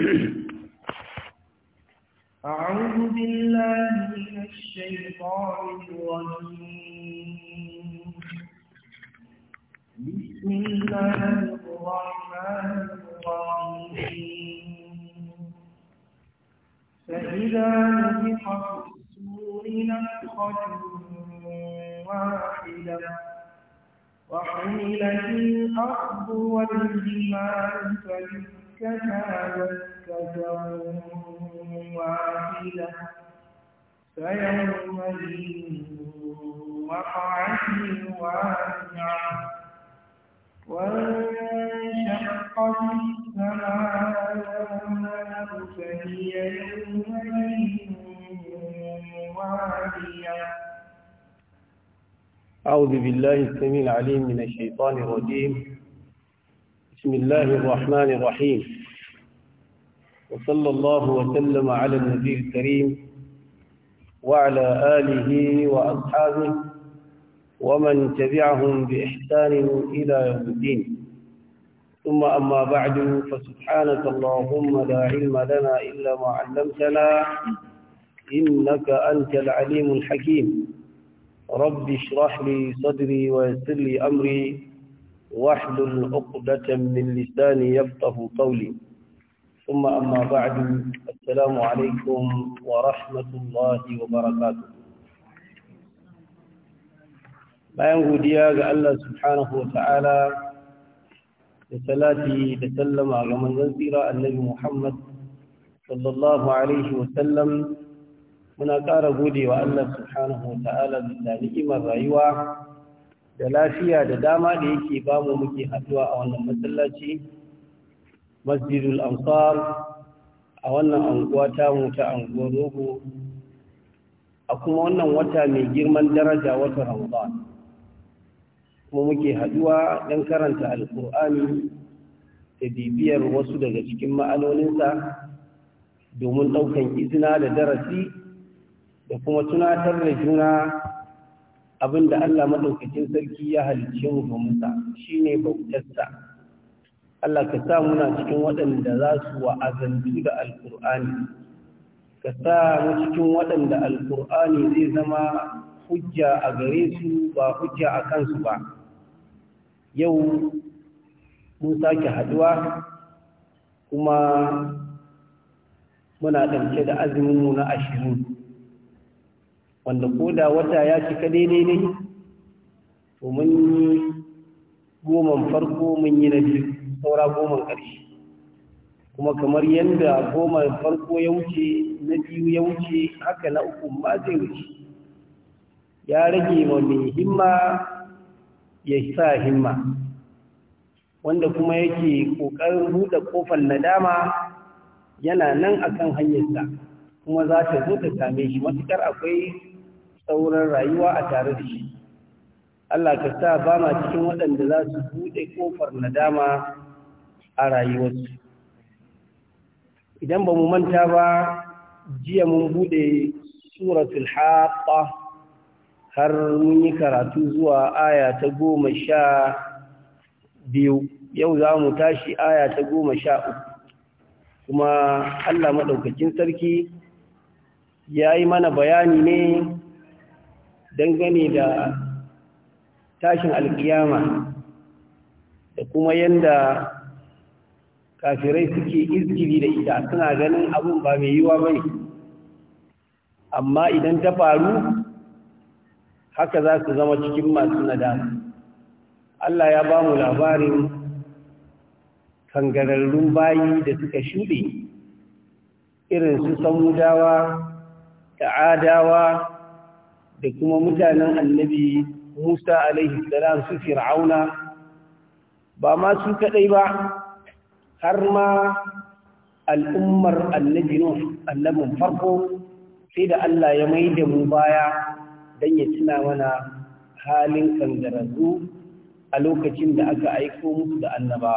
أعوذ بالله من الشيطان الرجيم بسم الله الرحمن الرحيم فإذا نفخ في السور نفخة واحدة وحملت الأرض والجبال فجمعت كما كتب واحدة فيومئذ وقعت الواقعة وانشقت السماء فهي يومئذ واهية أعوذ بالله السميع العليم من الشيطان الرجيم بسم الله الرحمن الرحيم وصلى الله وسلم على النبي الكريم وعلى آله وأصحابه ومن تبعهم بإحسان إلى يوم الدين ثم أما بعد فسبحانك اللهم لا علم لنا إلا ما علمتنا إنك أنت العليم الحكيم رب اشرح لي صدري ويسر لي أمري وحل عقدة من لساني يفقه قولي ثم أما بعد السلام عليكم ورحمة الله وبركاته ما بيانه دياغ الله سبحانه وتعالى لسلاتي تسلم على من ينزل النبي محمد صلى الله عليه وسلم هناك قولي وأن الله سبحانه وتعالى بالله إما رأيوه da lafiya da dama da yake bamu muke haduwa a wannan masallaci masjidul ansar a wannan anguwa ta ta anguwa rogo a kuma wannan wata mai girman daraja wata ramadan kuma muke haɗuwa don karanta alkur'ani da bibiyar wasu daga cikin ma'anoninsa domin ɗaukan izina da darasi da kuma tunatar da juna abin da Allah maɗaukacin sarki ya halicce mu domin shi ne bautarsa. Allah ka sa muna cikin waɗanda za su wa'azantu da Alƙur'ani, ka sa mu cikin waɗanda Alkur'ani zai zama hujja a gare su ba hujja a kansu ba. Yau mun sake haɗuwa kuma muna ɗauke da azumin mu na ashirin. wanda ko da wata ya cika daidai ne to mun yi goman farko mun yi na biyu saura goman ƙarshe kuma kamar yadda goman farko ya wuce na biyu ya wuce haka na uku ma zai wuce ya rage ma mai himma ya sa himma wanda kuma yake ƙoƙarin buɗe ƙofar nadama yana nan akan hanyarsa kuma za ta zo ta same shi matuƙar akwai sauran rayuwa a tare da shi Allah ka sa ba ma cikin waɗanda za su buɗe ƙofar nadama a rayuwarsu idan ba mu manta ba jiya mun buɗe suratul haƙa har mun yi karatu zuwa aya ta goma sha biyu yau za mu tashi aya ta goma sha uku kuma Allah maɗaukakin sarki ya yi mana bayani ne dangane da tashin alkiyama da kuma yanda kafirai suke izgili da ita suna ganin abin ba mai yiwa bai amma idan ta faru haka za su zama cikin masu nada, Allah ya ba mu labarin kangararrun bayi da suka shuɗe irin su samudawa da adawa da kuma mutanen annabi Musa alaihi salam su fir'auna ba ma su kadai ba har ma al'ummar annabi Nuh annabin farko sai da Allah ya mai da mu baya dan ya tuna mana halin kangarazu a lokacin da aka aiko musu da annaba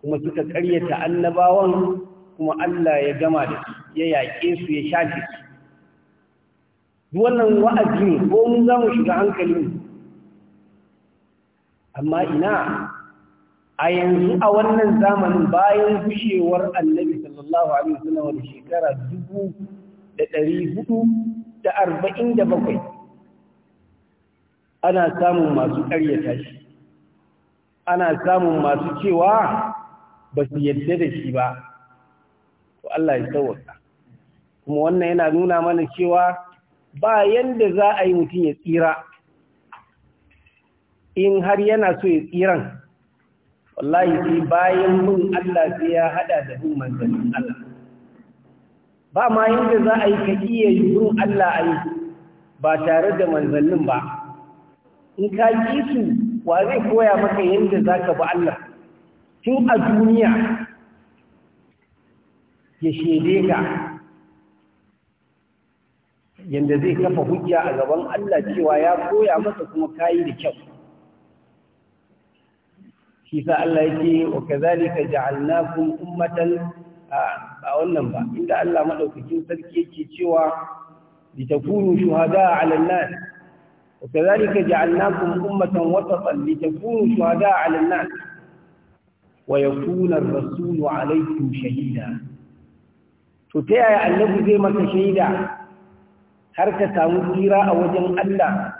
kuma suka karyata annabawan kuma Allah ya gama da su ya yaƙe su ya shafe su duk wannan wa'azi ne ko mun za shiga hankali amma ina a yanzu a wannan zamanin bayan gushewar annabi sallallahu alaihi wasallam da shekara dubu da arba'in da ana samun masu ƙaryata shi ana samun masu cewa ba su yadda da shi ba to Allah ya sauwaka kuma wannan yana nuna mana cewa ba yanda za a yi mutum ya tsira in har yana so ya tsiran wallahi sai bayan mun Allah sai ya hada da bin manzannin Allah ba ma yanda za a yi ka iya yi bin Allah a yi ba tare da manzannin ba in ka yi su wa zai koya maka yanda za ka bi Allah tun a duniya ya shede ka yanda zai kafa hujja a gaban Allah cewa ya koya masa kuma kayi da kyau shi sa Allah yake wa ka kazalika ja'alnakum ummatan a wannan ba inda Allah maɗaukakin sarki yake cewa litakunu shuhada 'ala an-nas wa kazalika ja'alnakum ummatan wasatan litakunu shuhada 'ala an-nas wa yakuna ar-rasulu 'alaykum shahida to ta yaya annabi zai masa shahida? har ka samu tsira a wajen Allah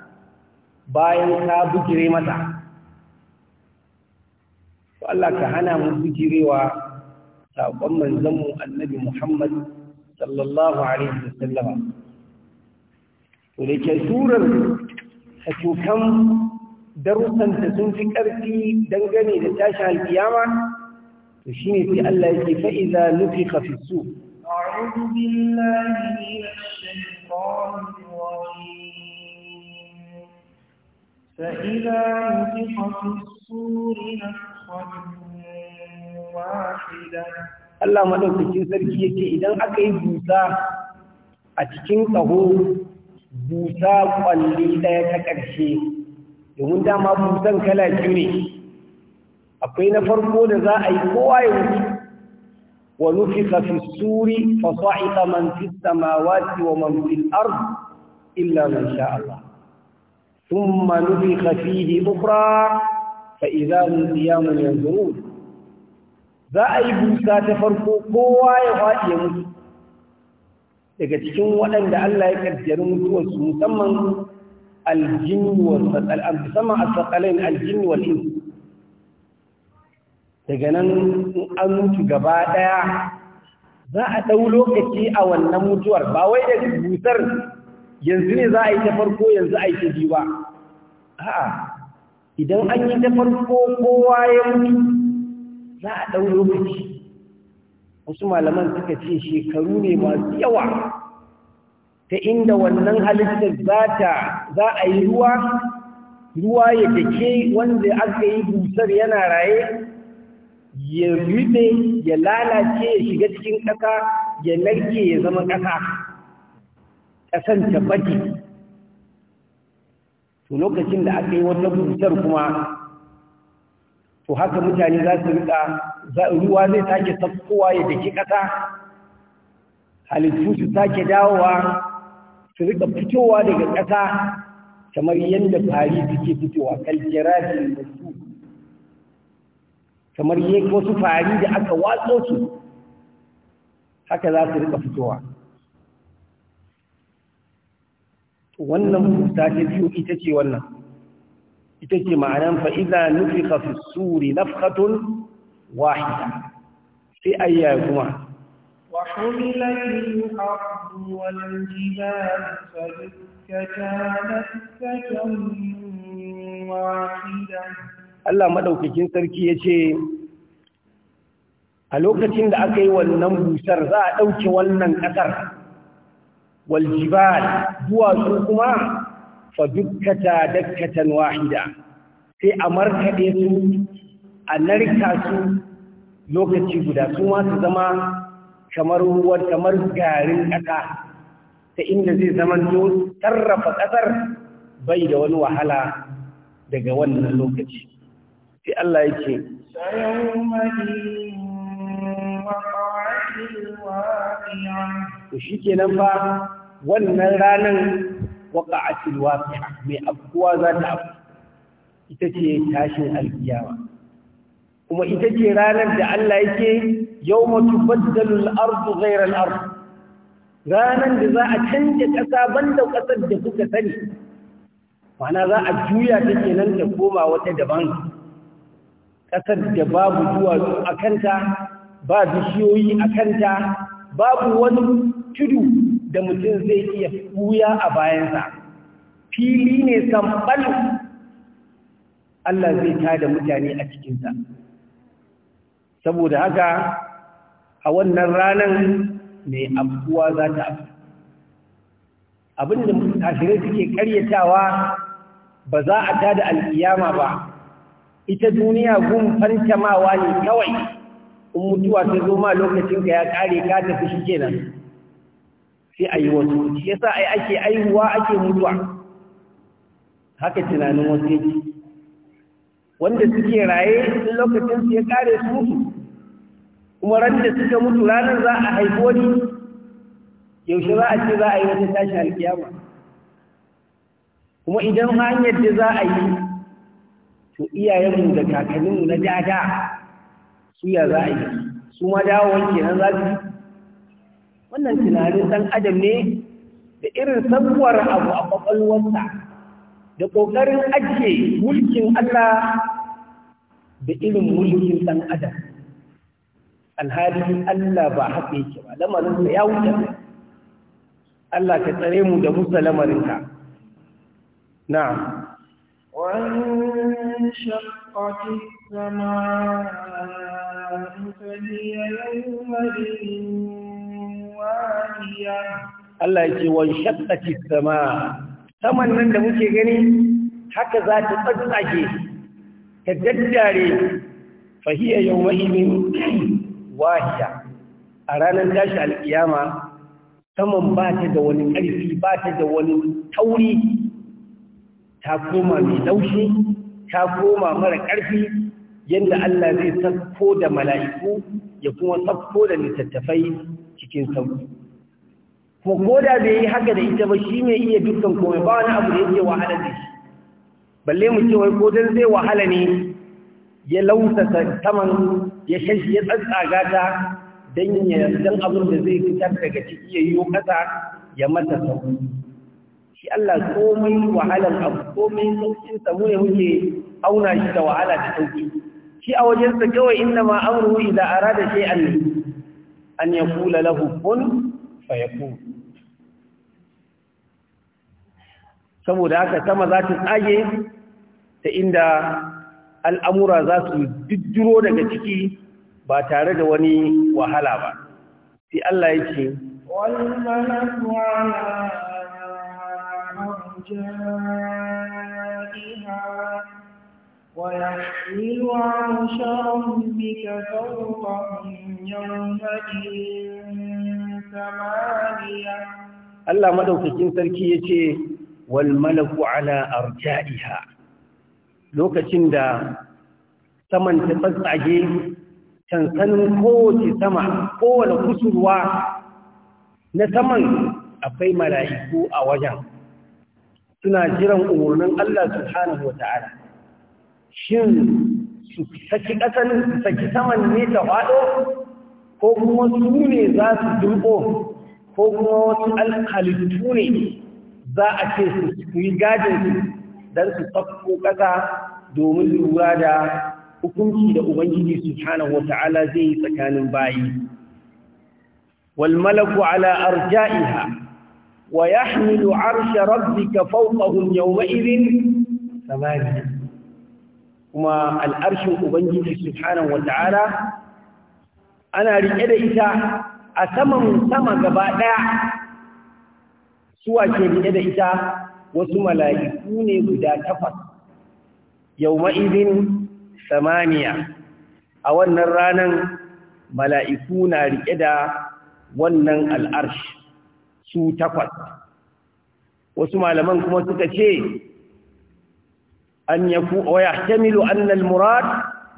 bayan ka bujire mata to Allah ka hana mu bujirewa saƙon manzanmu annabi Muhammad sallallahu alaihi wasallam to da ke surar darussanta sun fi ƙarfi dangane da tashi alkiyama to shine sai Allah yake fa iza nufiqa fi su الشيطان الرجيم فإذا نفخ في الصور نفخة Allah maɗaukakin sarki yake idan aka yi busa a cikin ƙaho busa ƙwalli ɗaya ta ƙarshe domin dama busan kala biyu ne akwai na farko da za a yi kowa ya wuce ونفخ في السور فصعق من في السماوات ومن في الأرض إلا من شاء الله ثم نفخ فيه أخرى فإذا هم قيام ينظرون ذا أي بوسى تفرقوا قوى يغاد يموت لكتشون ولن دع الله يكدرون توسوا الجن والفتح الجن والإنس daga nan an mutu gaba ɗaya za a ɗau lokaci a wannan mutuwar ba wai da busar yanzu ne za a yi ta farko yanzu a yi ta biyu ba a'a idan an yi ta farko kowa ya mutu za a ɗau lokaci wasu malaman suka ce shekaru ne masu yawa ta inda wannan halittar za za a yi ruwa ruwa ya dake wanda aka yi busar yana raye ya rube ya lalace ya shiga cikin ƙasa ya narke ya zama ƙasa ƙasan ta to lokacin da aka yi wannan busar kuma to haka mutane za su riƙa ruwa zai sake tafkowa ya daki ƙasa halittu su sake dawowa su rika fitowa daga ƙasa kamar yadda fari suke fitowa kalkirajin masu kamar yi wasu fari da aka watso su haka za su rika fitowa wannan fusta ta biyu ita ce wannan ita ce ma'anan fa'iza nufi kafin suri na fatun wahida sai ayya kuma وحملت الأرض والجبال فدكتا دكة واحدة Allah maɗaukakin sarki ya ce a lokacin da aka yi wannan busar za a ɗauke wannan ƙasar waljibal duwatsu kuma fa dukkata dakkatan wahida sai a markaɗe su a narka su lokaci guda su masu zama kamar ruwan kamar garin ƙasa ta inda zai zamanto sarrafa ƙasar bai da wani wahala daga wannan lokaci sai Allah ya ce to shi kenan fa wannan ranar waƙa'atul waqi'a mai afkuwa za ta afku ita ce tashin alkiyama kuma ita ce ranar da Allah yake yau matu baddalul arzu gairar arzu ranar da za a canja ƙasa banda ƙasar da kuka sani mana za a juya ta kenan da koma wata daban ƙasar da babu duwatsu a kanta ba bishiyoyi a kanta babu wani tudu da mutum zai iya buya a bayansa fili ne samɓal Allah zai tada mutane a cikinsa saboda haka a wannan ranar mai abuwa za ta afku abinda tashirai suke karyatawa ba za a tada alkiyama ba ita duniya gun fantamawa ne kawai in mutuwa ta zo ma lokacin ka ya kare ka tafi shi kenan sai a yi wasu shi yasa ai ake aihuwa ake mutuwa haka tunanin wasu yake wanda suke raye in lokacin su ya kare su mutu kuma ran da suka mutu ranar za a haifo ni yaushe za a ce za a yi wata tashi alkiyama kuma idan hanyar da za a yi to iyayenmu da kakanninmu na dada su ya za a yi su ma dawowar kenan za su wannan tunanin ɗan adam ne da irin sabuwar abu a ƙwaƙwalwarsa da ƙoƙarin ajiye mulkin Allah da irin mulkin ɗan adam alhali Allah ba haka yake ba lamarinsa ya wuce Allah ka tsare mu da musa lamarinka na'am وانشقت السماء فهي يومئذ واهية الله يجي وانشقت السماء saman nan da muke gani haka za ta tsatsage ta daddare fahiya yau ma'ibin wahiya a ranar tashi alkiyama saman ba ta da wani ƙarfi ba ta da wani tauri ta koma mai laushi ta koma mara ƙarfi yadda Allah zai sakko da mala'iku ya kuma safko da littattafai cikin sauki. Kuma ko da bai yi haka da ita ba shi mai iya dukkan komai ba wani abu da yake wahala da shi. Balle mu ce wai kodin zai wahala ne ya lausa saman ya shashi ya tsatsa gata don abin da zai fitar daga ciki ya yi ƙasa ya mata sauki. shi Allah komai wahalar abu komai saukin sa ne muke auna shi da wahala da sauki shi a wajen kawai inna ma amru idza arada shay'an an yaqula lahu kun yakun saboda haka sama za ta tsage ta inda al'amura za su diddiro daga ciki ba tare da wani wahala ba sai Allah ya ce أرجائها ويحمل عرش ربك فوقهم يومئذ ثمانية الله ya ce, wal والملك على أرجائها lokacin da saman ta tsatsage sansanin kowace sama kowane kusurwa na saman akwai mala'iku a wajen suna jiran umarnin Allah subhanahu wa ta'ala shin su saki ƙasan saki saman ne ta faɗo ko kuma su ne za su durƙo ko kuma wasu alhalittu ne za a ce su yi gajin su don su tsakko ƙasa domin lura da hukunci da Ubangiji subhanahu wa ta'ala zai yi tsakanin bayi. Wal malaku ala arja'iha ويحمل عرش ربك فوقهم يومئذ ثمانية كما الأرش أبنجي سبحانه وتعالى أنا رئيدة إتا أسمم سما قبادا سوى رئيدة إتا وسمى لا يكون قدا تفت يومئذ ثمانية أولا رانا ملائكونا رئيدة ونن الأرش su takwas wasu malaman kuma suka ce an yafu wa yahtamilu anna al-murad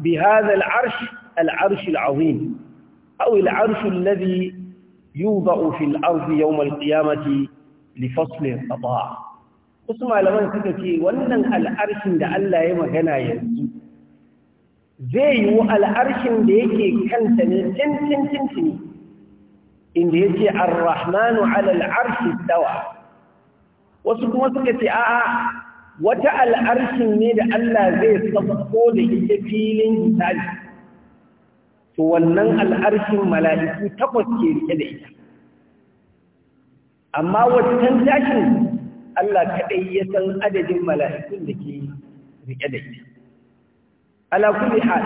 bi hadha al-arsh al-arsh al-azim aw al-arsh alladhi yudau fi al-ard yawm al-qiyamati li fasl al-qada wasu malaman suka ce wannan al-arshin da Allah ya magana yanzu zai yi al-arshin da yake kanta ne tin tin tin inda ya ce arrahmanu alal arshi dawa wasu kuma suka ce a'a wata al'arshin ne da Allah zai sauko da ita filin hisabi to wannan al'arshin mala'iku takwas ke rike da ita amma wancan tashin Allah kaɗai ya san adadin mala'ikun da ke rike da ita ala kulli hal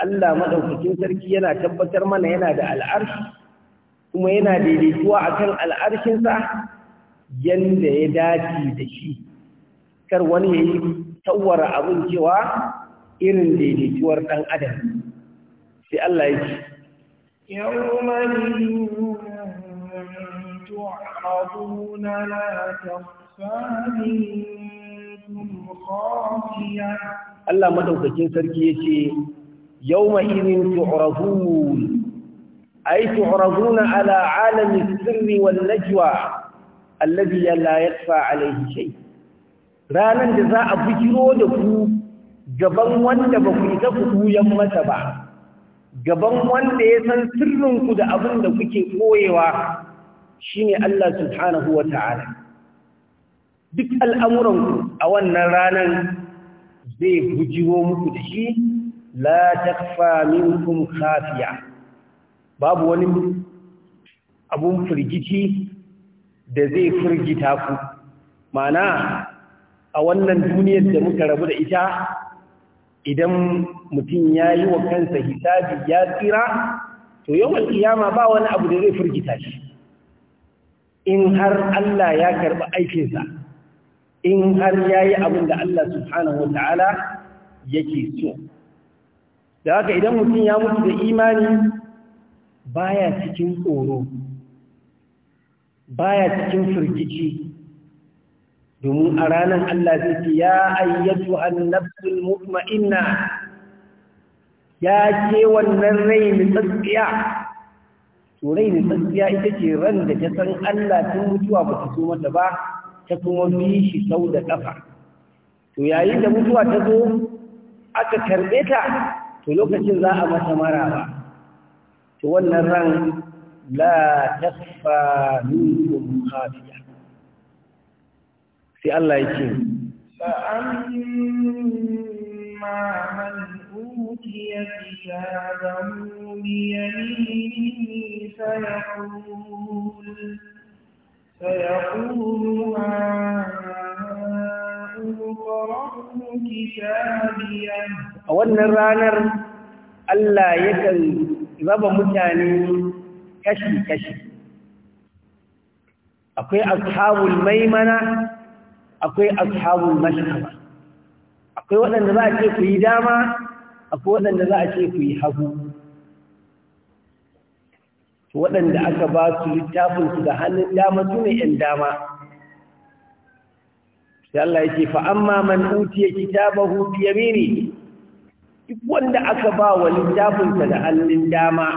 Allah maɗaukacin sarki yana tabbatar mana yana da al'arshi kuma yana daidaituwa a kan al'arshinsa yadda ya dace da shi kar wani ya yi tawwara abin cewa irin daidaituwar ɗan adam sai Allah ya ce Allah madaukakin sarki yace yawma idin tu'rafun أي تعرضون على عالم السر والنجوى الذي لا يخفى عليه شيء ranar da za a fikiro da ku gaban wanda ba ku isa ku kuyan mata ba gaban wanda ya san sirrinku da abin da kuke koyewa shine Allah subhanahu wa ta'ala duk al'amuranku a wannan ranar zai bujiro muku da shi la takfa minkum khafiya babu wani abun firgici da zai firgita ku mana a wannan duniyar da muka rabu da ita idan mutum ya yi wa kansa hisabi ya tsira to yawan kiyama ba wani abu da zai firgita shi in har Allah ya karɓi aikinsa in har ya yi abin da Allah subhanahu wa ta'ala yake so da haka idan mutum ya mutu da imani baya cikin tsoro baya cikin firgici domin a ranar Allah zai ce ya ayyatu annabtul mutma'inna ya ce wannan rai nitsatsiya to rai nitsatsiya ita ce ran da ta san Allah tun mutuwa ba ta so mata ba ta kuma bi shi sau da ƙafa to yayin da mutuwa ta zo aka karɓe ta to lokacin za a mata ba. to wannan ran la takfa minkum sai Allah ya ce a wannan ranar Allah yakan raba mutane kashi-kashi akwai ashabul maimana akwai ashabul mashkama akwai waɗanda za a ce ku yi dama akwai waɗanda za a ce ku yi hagu waɗanda aka ba su littafin su da hannun dama su ne ‘yan dama sai Allah yake fa'amma man utiye kitabahu biyamini duk wanda aka ba wa littafinsa da hannun dama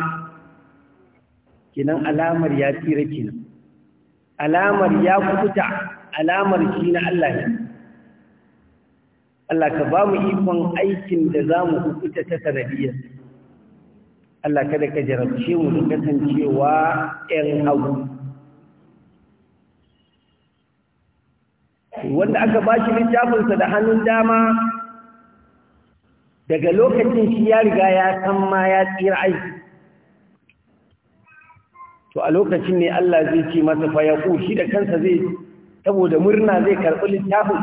kinan alamar ya tsira kinan alamar ya kuta alamar shi na Allah ne Allah ka ba mu ikon aikin da za mu kuta ta sanadiyar Allah kada ka jarabce mu da kasancewa ‘yan hagu wanda aka ba shi littafinsa da hannun dama daga lokacin shi ya riga ya san ma ya tsira aiki. to a lokacin ne Allah zai ce masa fa ya shi da kansa zai saboda murna zai karɓi littafin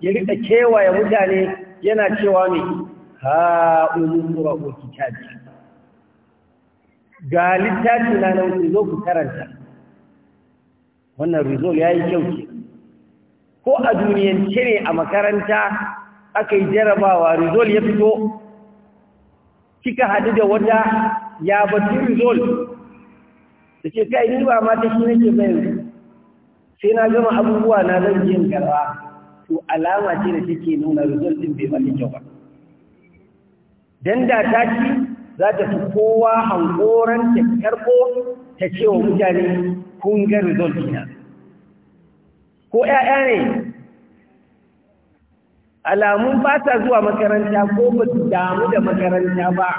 ya rika kewaye mutane yana cewa ne ha umura ko kitabi ga littafi na nan ku zo ku karanta wannan rizol ya kyau ko a duniyance ne a makaranta aka yi jarabawa rizol ya fito kika hadu da wata ya batu rizol da ce kai ni ba mata shi nake bayan sai na gama abubuwa na zan yin garba to alama ce da take nuna rizol din bai mata kyau ba dan da ta ci za ta fi kowa hankoran ta karbo ta ce wa mutane kun ga rizol dina ko 'ya'ya ne alamun ba ta zuwa makaranta ko ba su damu da makaranta ba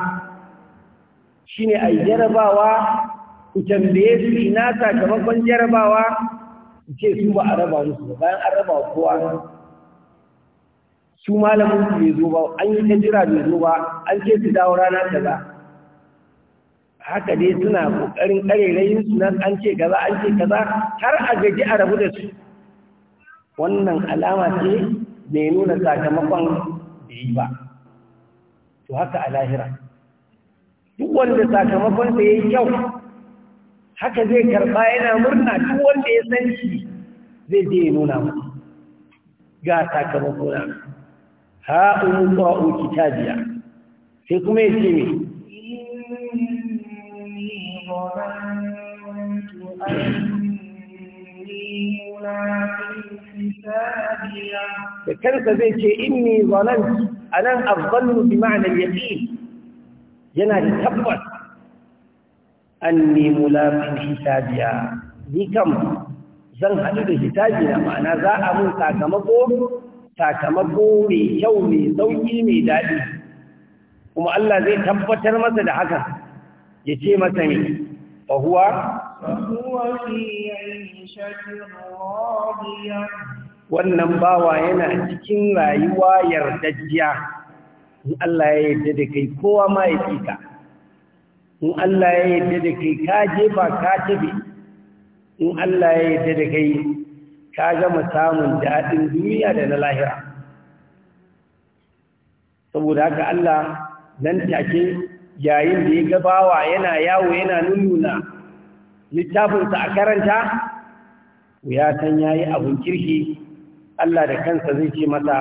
shi ne a yi jarabawa ku tambaye su ina sakamakon jarabawa su ce su ba a raba musu ba bayan an raba kowa su malamin su bai zo ba an yi ta jira bai zo ba an ce su dawo rana ta ba haka dai suna ƙoƙarin ƙarerayin su nan an ce kaza an ce kaza har a gaji a rabu da su wannan alama ce bai nuna sakamakon da yi ba to haka a lahira duk wanda sakamakon da ya yi kyau haka zai karɓa yana murna duk wanda ya san shi zai je nuna mu ga sakamako na ha umu ba'u sai kuma ya ce me da kansa zai ce inni a anan afdallu bi ma'na al yana da tabbas anni lafin hitabiya. ni kam zan haɗu da hisabi na ma'ana za a mun sakamako sakamako mai kyau mai sauƙi, mai daɗi kuma Allah zai tabbatar masa da hakan ya ce masa ne fa huwa wannan bawa yana cikin rayuwa yardajiya in Allah ya yarda da kai kowa ma ya ka. in Allah ya yarda da kai ka jefa ka tabe in Allah ya yarda da kai ka gama samun daɗin duniya da na lahira saboda haka Allah nan take yayin da ya gabawa yana yawo yana nuna littafinsa a karanta ya san ya yi abin kirki Allah da kansa zai ce mata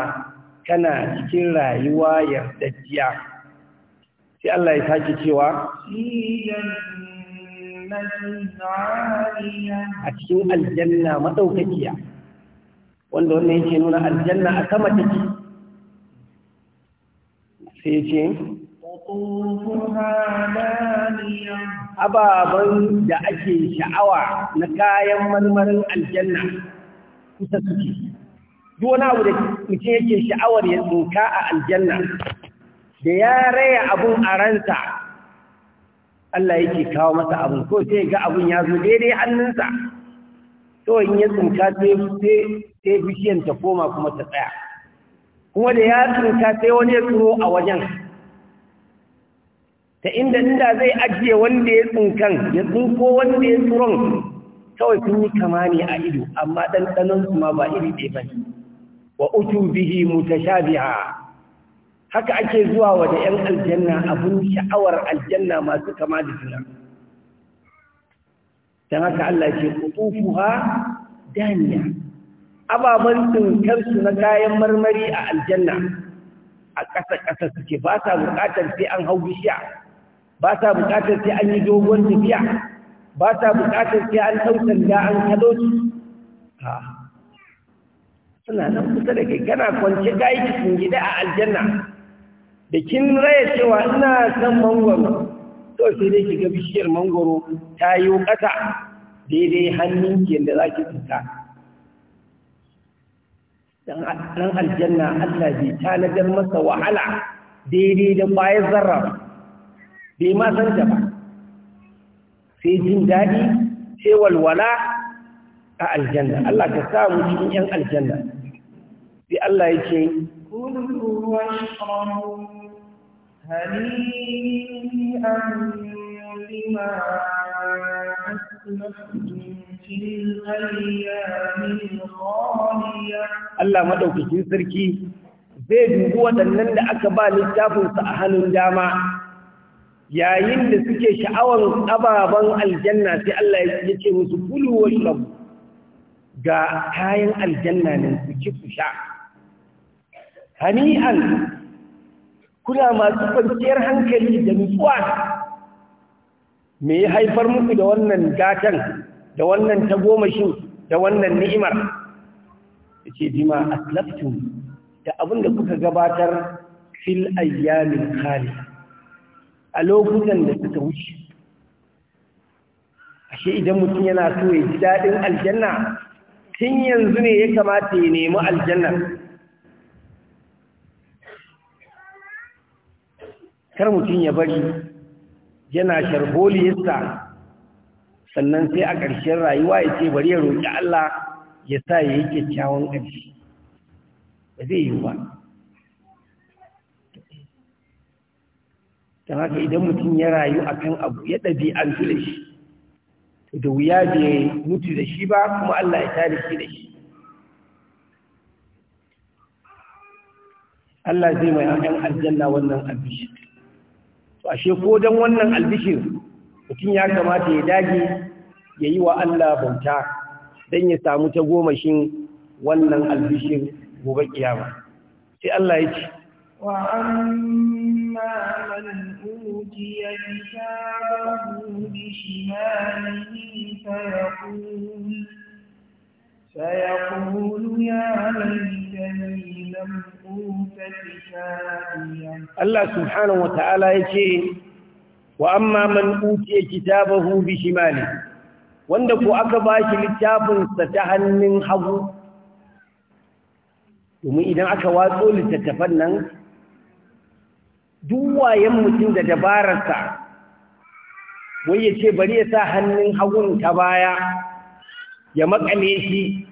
kana cikin rayuwa yardajjiya sai Allah ya sake cewa a cikin aljanna madaukakiya wanda wannan yake nuna aljanna a sama take sai ya ce ababen da ake sha'awa na kayan marmarin aljanna kusa suke duk wani abu da mutum yake sha'awar ya tsinka a aljanna da ya raya abun a ransa Allah yake kawo masa abun ko sai ga abun ya zo daidai hannunsa to in ya tsinka sai bishiyan ta koma kuma ta tsaya kuma da ya tsinka sai wani ya tsoro a wajen ta inda inda zai ajiye wanda ya tsinkan ya tsinko wanda ya tsuron kawai sun yi kama ne a ido amma ɗanɗanon su ma ba iri ɗaya ba ne wa utu bihi mutashabiha haka ake zuwa wa da ‘yan aljanna abun sha'awar aljanna masu kama da juna don haka Allah ce kutufu ha ababan ababen su na kayan marmari a aljanna a ƙasa-ƙasa suke ba sa buƙatar sai an hau bishiya ba sa buƙatar sai an yi dogon tafiya ba sa buƙatar sai an ɗaukar da an kalo suna nan kusa da kai kana kwance yi cikin gida a aljanna da kin raya cewa ina san mangoro to sai dai kiga bishiyar mangoro ta yi ƙasa daidai hannun ki za ki tsuka dan aljanna Allah bai tanadar masa wahala daidai da bayan zarra bai ma san ta ba sai jin daɗi sai walwala a aljanna Allah ka sa mu cikin yan aljanna sai Allah yake kulu Allah maɗaukacin sarki zai dubi waɗannan da aka ba littafinsa a hannun dama yayin da suke sha'awar ababen aljanna sai Allah ya ce musu kulu wa shirabu ga kayan aljanna ne su ci su sha hani'an kuna masu kwanciyar hankali da nutsuwa me ya haifar muku da wannan gatan da wannan tagomashin da wannan ni'imar yace jima aslaftum da abin da kuka gabatar fil ayyamin khali a lokutan da suka wuce ashe idan mutum yana so ya ji daɗin aljanna tun yanzu ne ya kamata ya nemi aljanna kar mutum ya bari yana sharholiyarsa sannan sai a ƙarshen rayuwa ya ce bari ya roƙi Allah ya sa ya yi kyakkyawan ƙarshe ba zai yi ba ta haka idan mutum ya rayu akan abu ya ɗabi ɗabi'an shi da wuya bai mutu da shi ba kuma Allah ya tare shi da shi Allah zai mai ɗan aljanna wannan albishir to ashe ko dan wannan albishir mutum ya kamata ya dage ya yi wa Allah bauta don ya samu ta gomashin wannan albishir gobe kiyama sai Allah ya ce wa amma أوتي كتابه بشماله فيقول فيقول يا ليتني لم أوت كتابيه الله سبحانه وتعالى يشيء وأما من أوتي كتابه بشماله wanda ko aka ba shi littafinsa ta hannun hagu domin idan aka watso littattafan nan duwayen mutum da dabararsa wai ya ce bari ya sa hannun hagun ta baya ya makale shi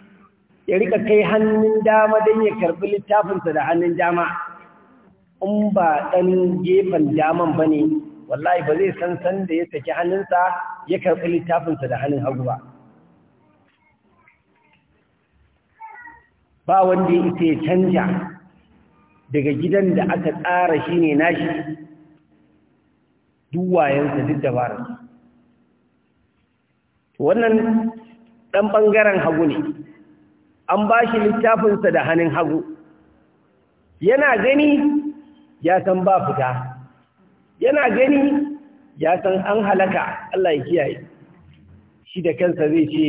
ya rika kai hannun dama don ya karbi littafinsa da hannun dama in ba ɗan gefen daman ba ne wallahi ba zai san san da ya saki hannunsa ya karbi littafinsa da hannun hagu ba ba wanda ya ya canja daga gidan da aka tsara shi ne nashi duwayensa duk dabararsa wannan ɗan ɓangaren hagu ne an ba shi littafinsa da hannun hagu yana gani ya san ba fita yana gani ya san an halaka Allah ya kiyaye shi da kansa zai ce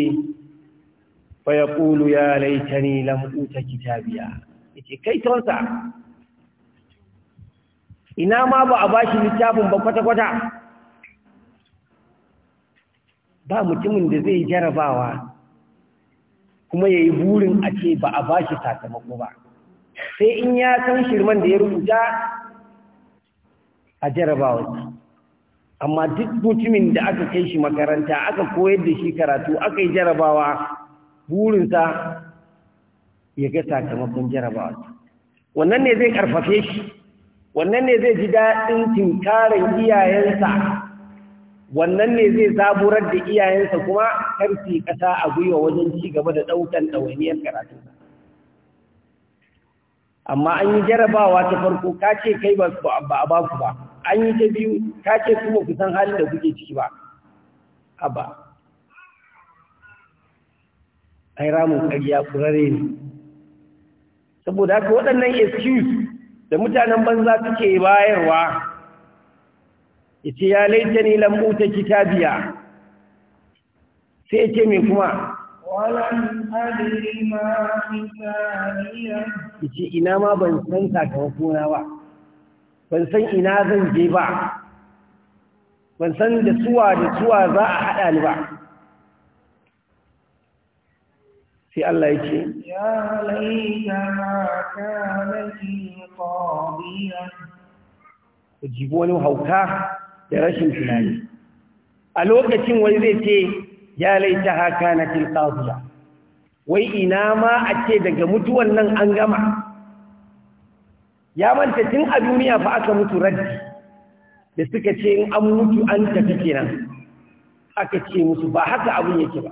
fa ya ya laitani lam uta kitabiya yace kai tonsa ina ma ba a bashi littafin ba kwata-kwata ba mutumin da zai jarabawa kuma ya yi burin a ce ba a bashi sakamako ba sai in ya san shirman da ya rubuta a jarabawa amma duk mutumin da aka kai shi makaranta aka koyar da shi karatu aka yi jarabawa burinsa ya ga sakamakon jarabawa wannan ne zai karfafe shi wannan ne zai ji daɗin tinkarin iyayensa wannan ne zai zaburar da iyayensa kuma karfi ƙasa a gwiwa wajen ci gaba da ɗaukan ɗawainiyar karatunsa amma an yi jarabawa ta farko ka ce kai ba a ba ku ba an yi ta biyu ka ce kuma ku san halin da kuke ciki ba a ba ai ramin ƙarya ƙurare ne saboda haka waɗannan excuse da mutanen banza suke bayarwa ita ya laitani lam ta kitabiya sai ce me kuma ita ina ma ban san sakamako na ba ban san ina zan je ba ban san da suwa da suwa za a hada ni ba sai Allah ya ce ya wani hauka da rashin tunani a lokacin wani zai ce ya laita haka na qadiya wai ina ma a ce daga mutuwan nan an gama ya manta tun a duniya fa aka mutu raddi da suka ce in an mutu an tafi kenan aka ce musu ba haka abin yake ba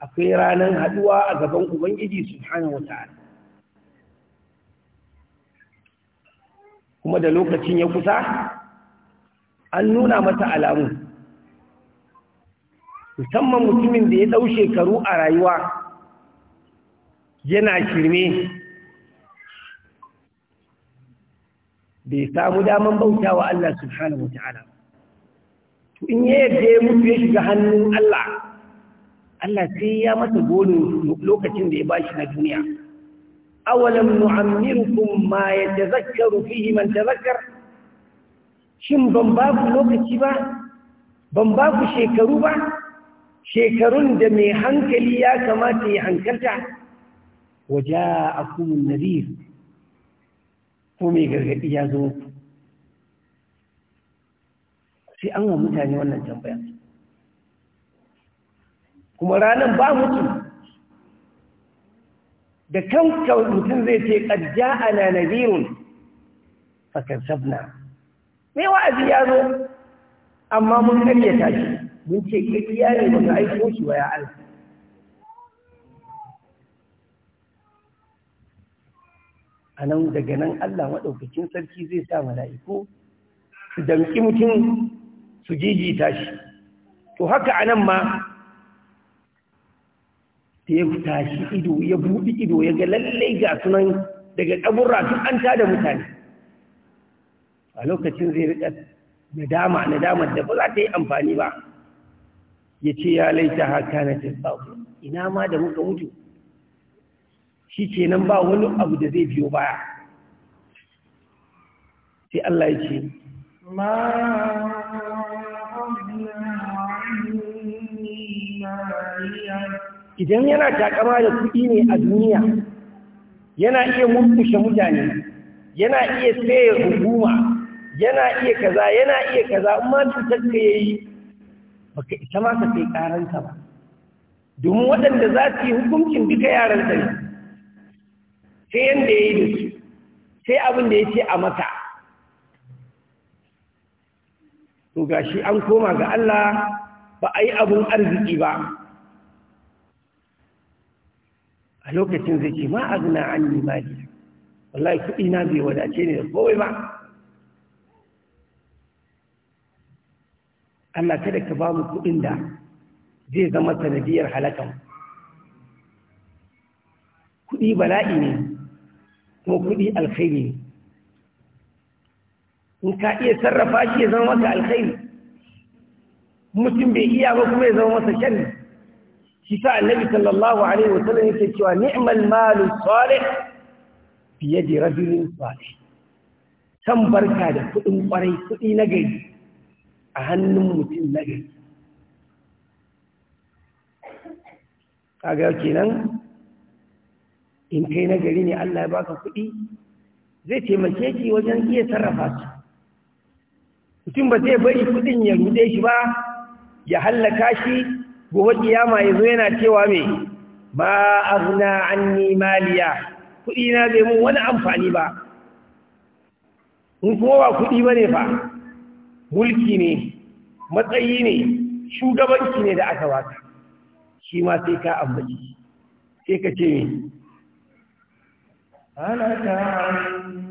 akwai ranar haɗuwa a gaban ubangiji subhanahu ta'ala. kuma da lokacin ya kusa an nuna mata alamu musamman mutumin da ya ɗau shekaru a rayuwa yana shirme bai samu daman bauta wa Allah subhanahu wata'ala to in ya yadda ya mutu ya shiga hannun Allah Allah sai ya masa gonin lokacin da ya ba shi na duniya awalam nu'ammirukum ma yatazakkaru fihi man tazakkar shin ban ba ku lokaci ba ban ba ku shekaru ba shekarun da mai hankali ya kamata ya hankalta waja'akum an-nadhir ko mai gargadi ya zo sai an wa mutane wannan tambaya kuma ranar ba mutu da kanka mutum zai ce ƙarja ana nadirun fakar sabna mai wa'azi ya zo amma mun karye tashi, mun ce ƙirƙiya ne ba aiko shi wa ya a nan daga nan Allah maɗaukacin sarki zai sa mala'iku su damƙi mutum su jijita shi to haka a nan ma da ya tashi ido ya buɗi ido ya ga lallai ga sunan daga kaburra tun an tada mutane a lokacin zai riƙa nadama nadama da ba za ta yi amfani ba ya ce ya laita haka na tattaɓa ina ma da muka mutu shi kenan ba wani abu da zai biyo baya sai Allah ya ce ma idan yana takama da kuɗi ne a duniya yana iya murkushe mutane yana iya tsaye hukuma yana iya kaza yana iya kaza amma cutar ka yayi baka ita ma ka kai karanta ba domin waɗanda za su yi hukuncin duka yaran ne sai yanda ya yi da su sai abin da ya ce a mata to gashi an koma ga Allah ba a yi abin arziki ba a lokacin zai ce ma azna an nimali wallahi kuɗi na zai wadace ne da kowai ba Allah kada ka ba mu kuɗin da zai zama sanadiyar halakan kuɗi bala'i ne kuma kuɗi alkhairi ne in ka iya sarrafa shi ya zama maka alkhairi mutum bai iya ba kuma ya zama masa sharri Kisa annabi sallallahu alaihi wasallam yake cewa ni'mal malu salih fi yadi rajulin salih san barka da kudin kwarai kudi na gari a hannun mutum na gari kaga kenan in kai na gari ne Allah ya baka kuɗi zai taimake ki wajen iya sarrafa su mutum ba zai bari kuɗin ya rude shi ba ya hallaka shi gobe kiyama yazo yana cewa me ba aghna anni maliya kudi na bai mun wani amfani ba in kuma ba kudi bane fa mulki ne matsayi ne shugabanci ne da aka wata shi ma sai ka ambaci sai ka ce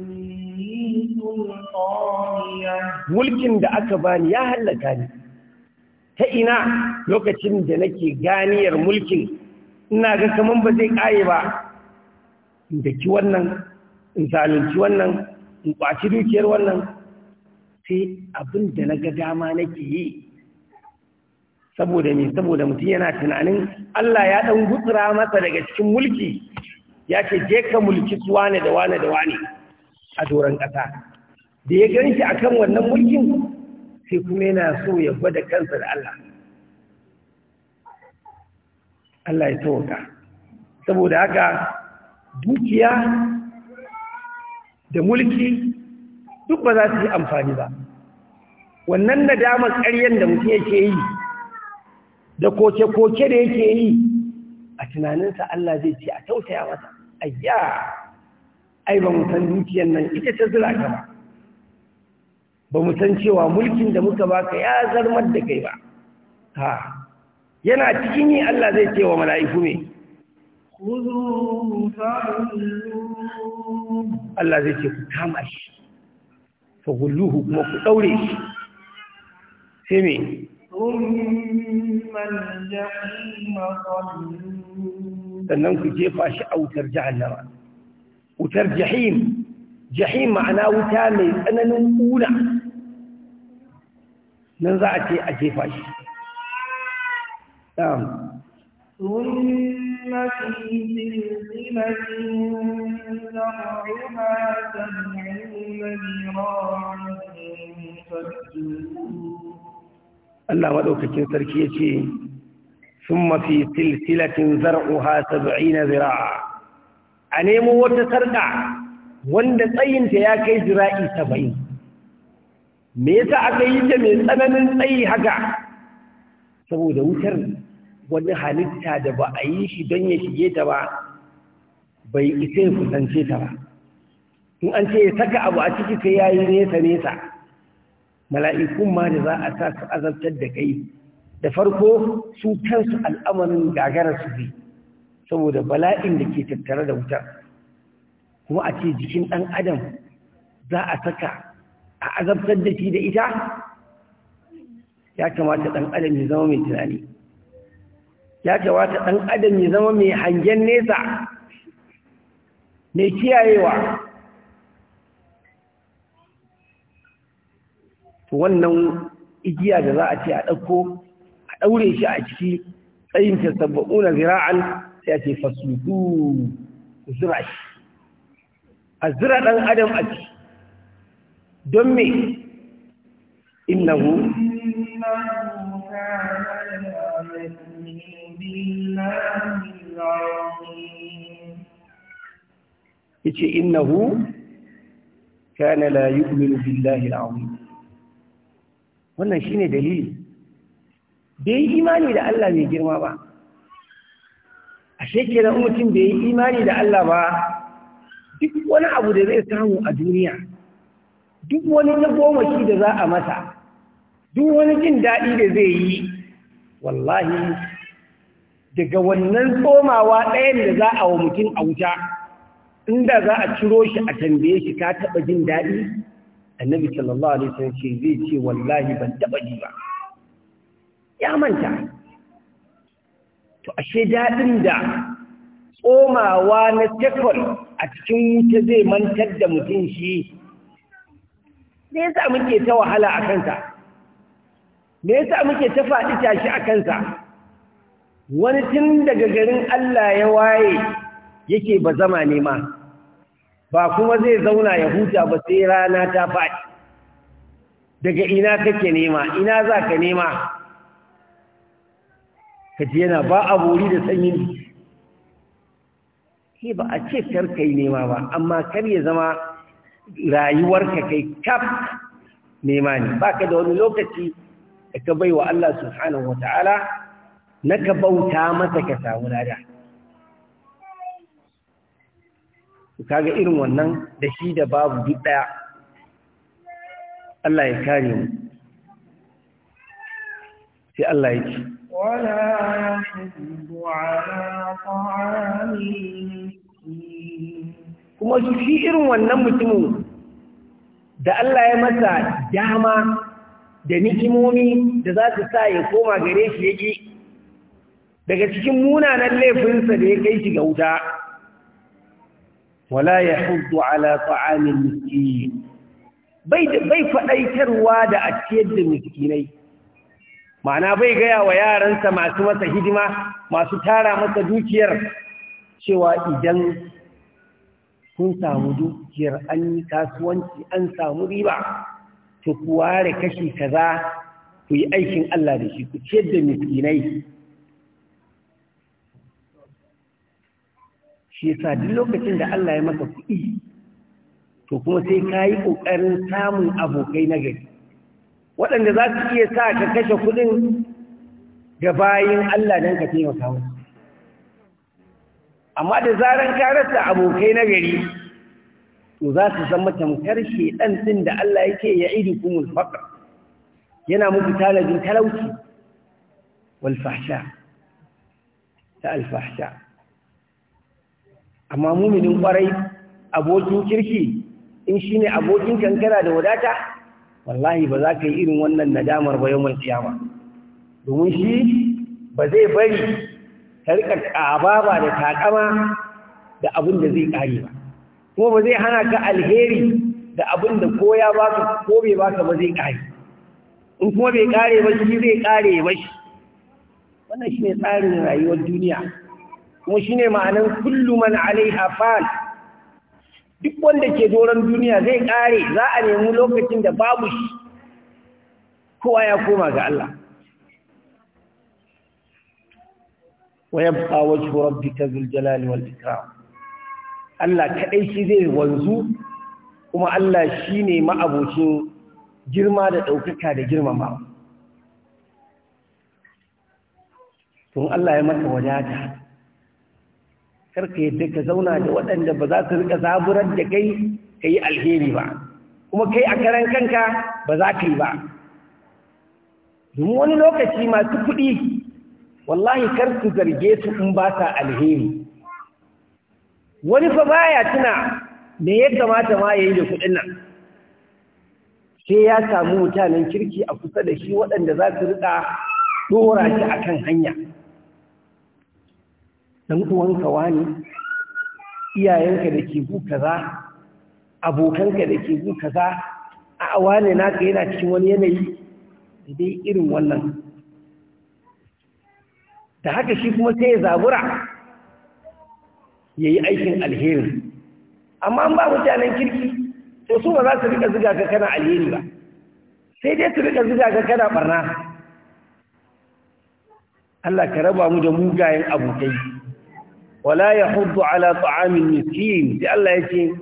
me mulkin da aka bani ya hallaka ni ta ina lokacin da nake ganiyar mulkin ina ga kaman ba zai kaye ba in daki wannan in zalunci wannan in ƙwaci dukiyar wannan sai abin da na ga dama nake yi saboda me saboda mutum yana tunanin Allah ya ɗan gutsura masa daga cikin mulki ya ce je ka mulki su wane da wane da wane a doron ƙasa da ya gan shi akan wannan mulkin sai kuma yana so ya gwada kansa da Allah Allah ya tawaka saboda haka dukiya da mulki duk ba za su yi amfani ba wannan nadamar ƙaryen da mutum yake yi da koke-koke da yake yi a tunaninsa Allah zai ce a tausaya masa ayya ai ba mutan dukiyan nan ita ta zira ka ba ba mu san cewa mulkin da muka baka ya zarmar da kai ba ha yana cikin yi Allah zai ce wa mala'iku me Allah zai ce ku kama shi fa gulluhu kuma ku daure shi sai me sannan ku jefa shi a wutar jahannama wutar jahim jahim ma'ana wuta mai tsananin kuna nan za a ce a jefa shi Allah maɗaukakin sarki ya ce, Sun mafi silsilatin zar'uha saba'i na zira'a, a nemo wata sarƙa wanda tsayinta ya kai zira'i saba'in. me yasa aka yi ta mai tsananin tsayi haka saboda wutar wani halitta da ba a yi shi don ya shige ta ba bai isa ya kusance ta ba in an ce ya saka abu a ciki sai yayi nesa nesa mala'ikun ma da za a sa su azabtar da kai da farko su kansu al'amarin gagara su bi saboda bala'in da ke tattare da wutar kuma a ce jikin ɗan adam za a saka a azabtar da shi da ita ya kamata ɗan adam ya zama mai tunani ya kamata ɗan adam ya zama mai hangen nesa mai kiyayewa wannan igiya da za a ce a ɗauko a ɗaure shi a ciki tsayin sabba'u na zira'an sai a ce fasudu zira shi a zira ɗan adam a ciki don me innahu yace innahu kana la yu'minu billahi al'azim wannan shine dalili bai imani da Allah mai girma ba ashe kenan mutum bai imani da Allah ba duk wani abu da zai samu a duniya duk wani tagomashi da za a masa duk wani jin daɗi da zai yi wallahi daga wannan tsomawa ɗayan da za a wa mutum a wuta inda za a ciro shi a tambaye shi ka taɓa jin daɗi annabi sallallahu alaihi wasallam ce zai ce wallahi ban taɓa ji ba ya manta to ashe daɗin da tsomawa na tekon a cikin wuta zai mantar da mutum shi me yasa muke ta wahala a kanta? me yasa muke ta faɗi tashi a kansa wani tun daga garin Allah ya waye yake ba zama nema ba kuma zai zauna ya huta ba sai rana ta faɗi daga ina kake nema ina za ka nema Ka ji yana ba a bori da sanyin ke ba a ce karkai nema ba amma kar ya zama Rayuwar ka kai kaf nema ne ba ka da wani lokaci da ka bai wa Allah subhanahu wa ta'ala na ka bauta masa ka samu lada kaga irin wannan da shi da babu duk ɗaya. Allah ya kare mu sai Allah ya ci. wala ala kuma shi irin wannan mutumin da Allah ya masa dama da nikimomi da za su sa ya koma gare shi ya ƙi daga cikin munanan laifinsa da ya kai shi ga wuta wala hudu ala ta'amil miski bai bai da a ciyar da miskinai ma'ana bai gaya wa yaransa masu masa hidima masu tara masa dukiyar cewa idan kun samu dukiyar an yi kasuwanci an samu riba to ku kashi kaza ku yi aikin Allah da shi ku ciyar da miskinai shi yasa duk lokacin da Allah ya maka kuɗi to kuma sai ka yi ƙoƙarin samun abokai na gari waɗanda za su iya sa ka kashe kuɗin ga bayin Allah don ka taimaka musu amma da zaran ka rasa abokai na gari to za su zama tamkar shedan din da Allah yake ya idi kuma faqr yana muku talabin talauci wal fahsha ta al fahsha amma muminin kwarai abokin kirki in shine abokin kankara da wadata wallahi ba za ka yi irin wannan nadamar ba yawan kiyama domin shi ba zai bari ta rika da takama da abin da zai kare ba kuma ba zai hana ka alheri da abin da ko ya baka ko bai baka ba zai kare, in kuma bai ƙare ba shi zai ƙare ba shi wannan shine tsarin rayuwar duniya kuma shine ma'anar kullu man alaiha fal duk wanda ke doron duniya zai ƙare za a nemi lokacin da babu shi kowa ya koma ga Allah ويبقى وجه ربك ذو الجلال والإكرام الله كأي شيء ذي وانزو كما الله شيني ما أبوشين جرما دا أوكاكا دا جرما ما ثم الله يمت وجاتا karka yadda ka zauna da waɗanda ba za su rika zaburar da kai ka yi alheri ba kuma kai a karan kanka ba za ka yi ba domin wani lokaci masu kuɗi wallahi kar ku zarge su in ba ta alheri wani fa baya tuna me ya kamata ma yayi da kuɗin nan sai ya samu mutanen kirki a kusa da shi waɗanda za su riƙa ɗora shi kan hanya dan uwanka wani iyayenka da ke bu abokanka da ke buka za a awane naka yana cikin wani yanayi da dai irin wannan Da haka shi kuma sai ya zabura ya yi aikin alheri amma an ba mutanen kirki to su ba za su rika ziga ka kana alheri ba sai dai su rika ziga ka kana barna Allah ka raba mu da mugayen abokai wala yahuddu ala ta'amin miskin da Allah yake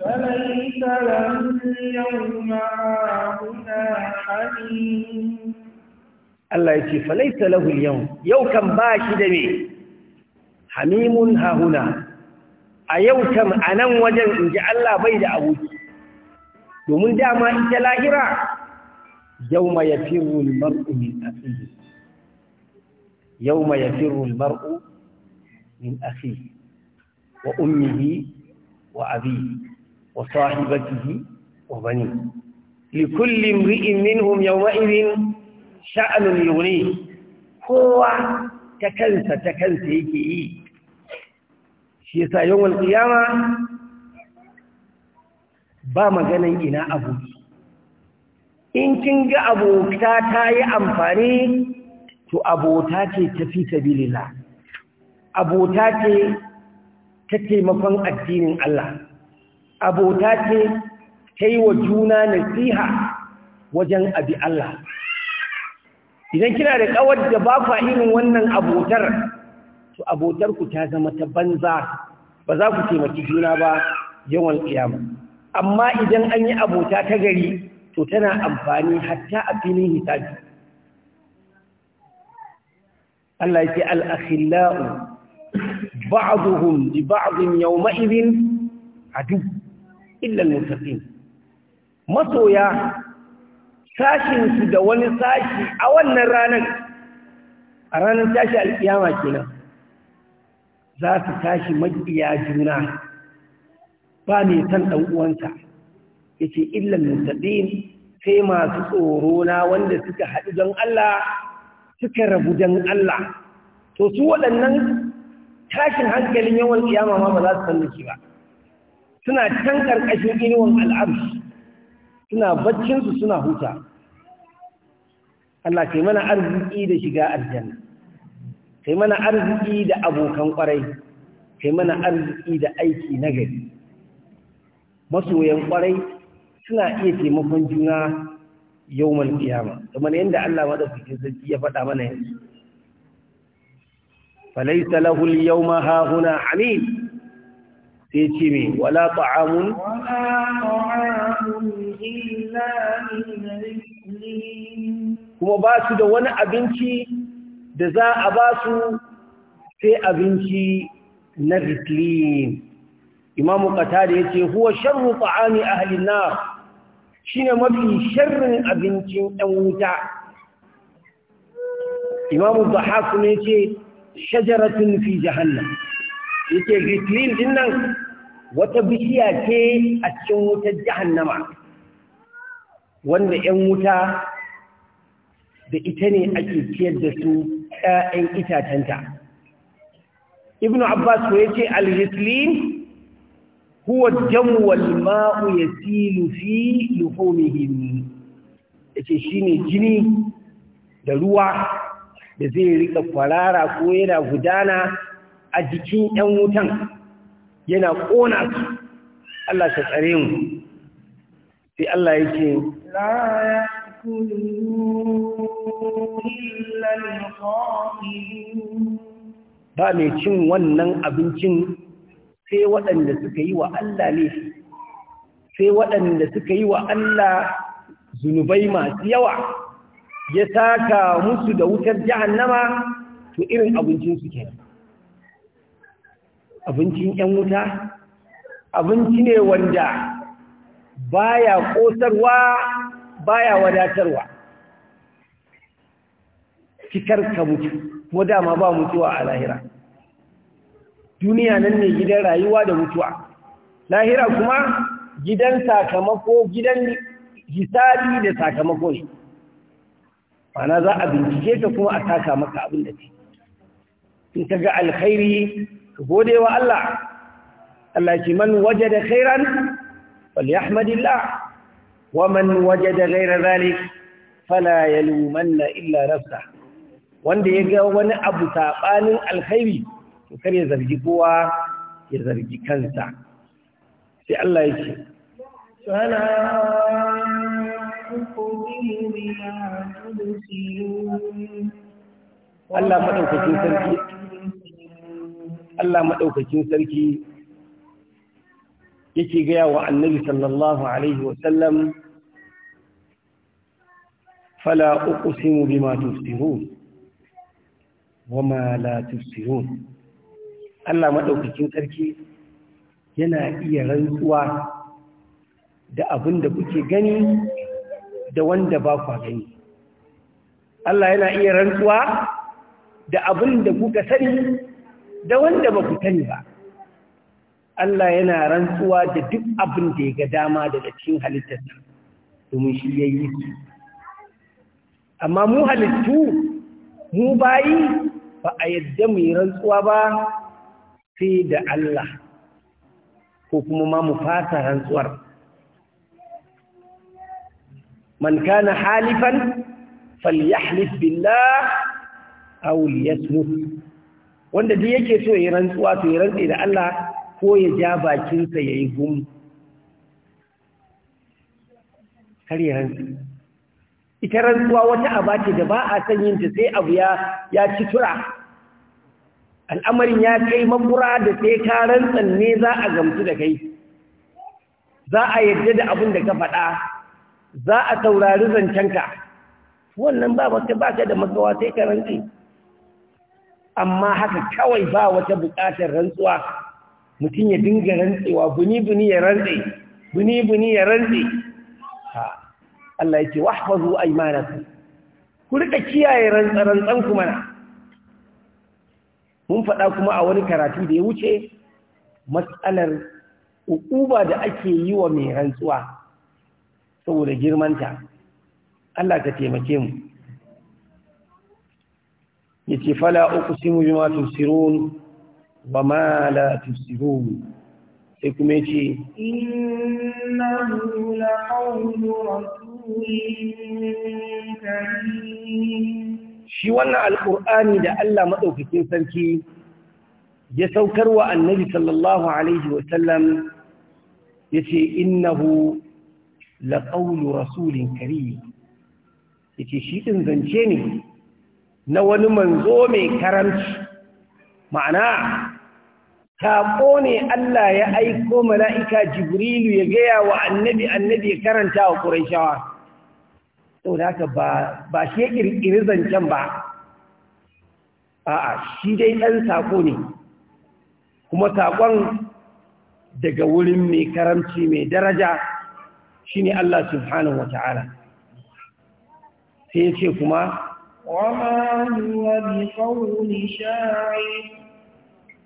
فليس لهم اليوم عاهنا Allah ya ce falaisa lahu yau yau kan ba shi da me hamimun hahuna a yau kan a nan wajen in ji Allah bai da aboki domin dama ita lahira yau ma ya firru mar'u min akhihi yau ma ya firru mar'u min akhihi wa ummihi wa abihi wa sahibatihi wa bani likulli imri'in minhum yawma idhin sha'anun yuri kowa ta kansa ta kansa yake yi shi yasa yawan kiyama ba maganan ina abu in kin ga abota ta yi amfani to abota ce ta fi sabilillah abota ce ta taimakon addinin Allah abota ce ta yi wa juna nasiha wajen abi Allah idan kina da kawar da ba fa irin wannan abotar to abotar ku ta zama ta banza ba za ku taimaki juna ba yawan kiyama amma idan an yi abota ta gari to tana amfani hatta a filin hisabi Allah yake al-akhillau ba'dhum li ba'dhin yawma idhin adu illa al-muttaqin masoya su da wani sashi a wannan ranar a ranar tashi alƙiyama kenan za su tashi majiya juna ba mai san ɗan'uwansa ya ce illan mutaɗin sai masu tsoro na wanda suka haɗu don Allah suka rabu don Allah to su waɗannan tashin hankalin yawan ƙiyama ma ba za su san da ba suna can ƙarƙashin inuwan al'arshi suna baccinsu suna huta Allah kai mana arziki da shiga aljanna kai mana arziki da abokan kwarai kai mana arziki da aiki na gari. masoyan kwarai suna iya taimakon juna yau yawmal qiyama kamar yadda Allah madaukakin sarki ya faɗa mana yanzu falaysa lahu al-yawma hahuna amin sai ce me wala ta'amun kuma ba su da wani abinci da za a ba su sai abinci na riklin imamu kata da ya ce huwa sharru ta'ami ahalin na shi ne mafi sharrin abincin ɗan wuta imamu zahaku ne ce shajaratun fi jahannan ya ce dinnan wata bishiya ce a cikin wutar jahannama wanda 'yan wuta da ita ne ake ciyar da su 'ya'yan itatanta Ibn abbas ko yace al-hislin huwa jamu wal ma'u yasilu fi ce yace shine jini da ruwa da zai rika kwarara ko yana gudana a jikin 'yan wutan yana ƙona su Allah ta tsare mu sai Allah yake لا إلا الخاطئون ba mai cin wannan abincin sai waɗanda suka yi wa Allah ne sai waɗanda suka yi wa Allah zunubai masu yawa ya saka musu da wutar jahannama to irin abincin su kenan abincin 'yan wuta abinci ne wanda baya ƙosarwa baya wadatarwa kikar ka mutu kuma dama ba mutuwa a lahira duniya nan ne gidan rayuwa da mutuwa lahira kuma gidan sakamako gidan hisabi da sakamako ne mana za a bincike ka kuma a taka maka abin da ce in ka ga alkhairi ka gode wa Allah Allah ki man waje da khairan wal yahmadillah ومن وجد غير ذلك فلا يلومن إلا نفسه wanda ya ga wani abu saɓanin alkhairi to kar ya zargi kowa ya zargi kansa sai Allah ya ce sana Allah maɗaukakin sarki Allah maɗaukakin sarki yake gaya wa annabi sallallahu alaihi wasallam fala uqsimu bima tufsirun wama la tufsirun Allah madaukakin sarki yana iya rantsuwa da abin da kuke gani da wanda ba kwa gani Allah yana iya rantsuwa da abin da kuka sani da wanda ba ku sani ba Allah yana rantsuwa da duk abin da ya ga dama daga cikin halittarsa domin shi ya yi su amma mu halittu mu bayi ba a yadda mu yi rantsuwa ba sai da Allah ko kuma ma mu fata rantsuwar man kana halifan falyahlif billah aw liyasmut wanda duk yake so ya rantsuwa to ya rantsa da Allah ko ya ja bakinsa ya yi gum karye rantsu. ita rantsuwa wata aba da ba a san yin ta sai abu ya ya ci tura al'amarin ya kai makura da sai ka rantsan ne za a gamsu da kai za a yarda da abin da ka faɗa za a saurari zancenka wannan ba wata ba ka da makawa sai ka rantsi amma haka kawai ba wata buƙatar rantsuwa mutum ya dinga rantsewa buni-buni ya rantse buni-buni ya rantse Allah yake wahfazu aymanakum ku rika kiyaye rantsaran ku mana mun faɗa kuma a wani karatu da ya wuce matsalar ukuba da ake yi wa mai rantsuwa saboda girmanta Allah ka taimake mu yace fala uqsimu bima tusirun wa ma la tusirun sai kuma yace innahu la qawlu shi wannan alqur'ani da Allah madaukakin sarki ya saukar wa annabi sallallahu alaihi wa sallam yace innahu la qawlu rasulin karim yace shi din zance ne na wani manzo mai karamci ma'ana saƙo ne Allah ya aiko mala'ika Jibrilu ya gaya wa annabi annabi ya karanta wa ƙuraishawa. Sau da haka ba shi ya ƙirƙiri zancen ba, a'a shi dai ɗan saƙo ne, kuma saƙon daga wurin mai karamci mai daraja shi ne Allah Subhanahu wa ta'ala. Sai ya ce kuma, Wama wa bi ƙauni sha'ir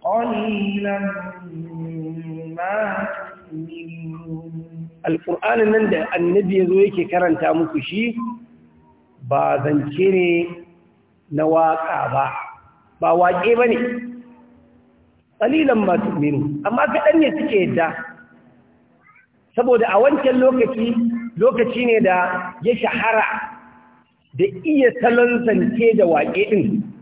قليلا مما تؤمنون القران نن da annabi yazo yake karanta muku shi ba zance ne na waka ba ba waƙe bane qalilan ma tu'minu amma kaɗan ne suke yadda saboda a wancan lokaci lokaci ne da ya shahara da iya salon zance da waƙe ɗin.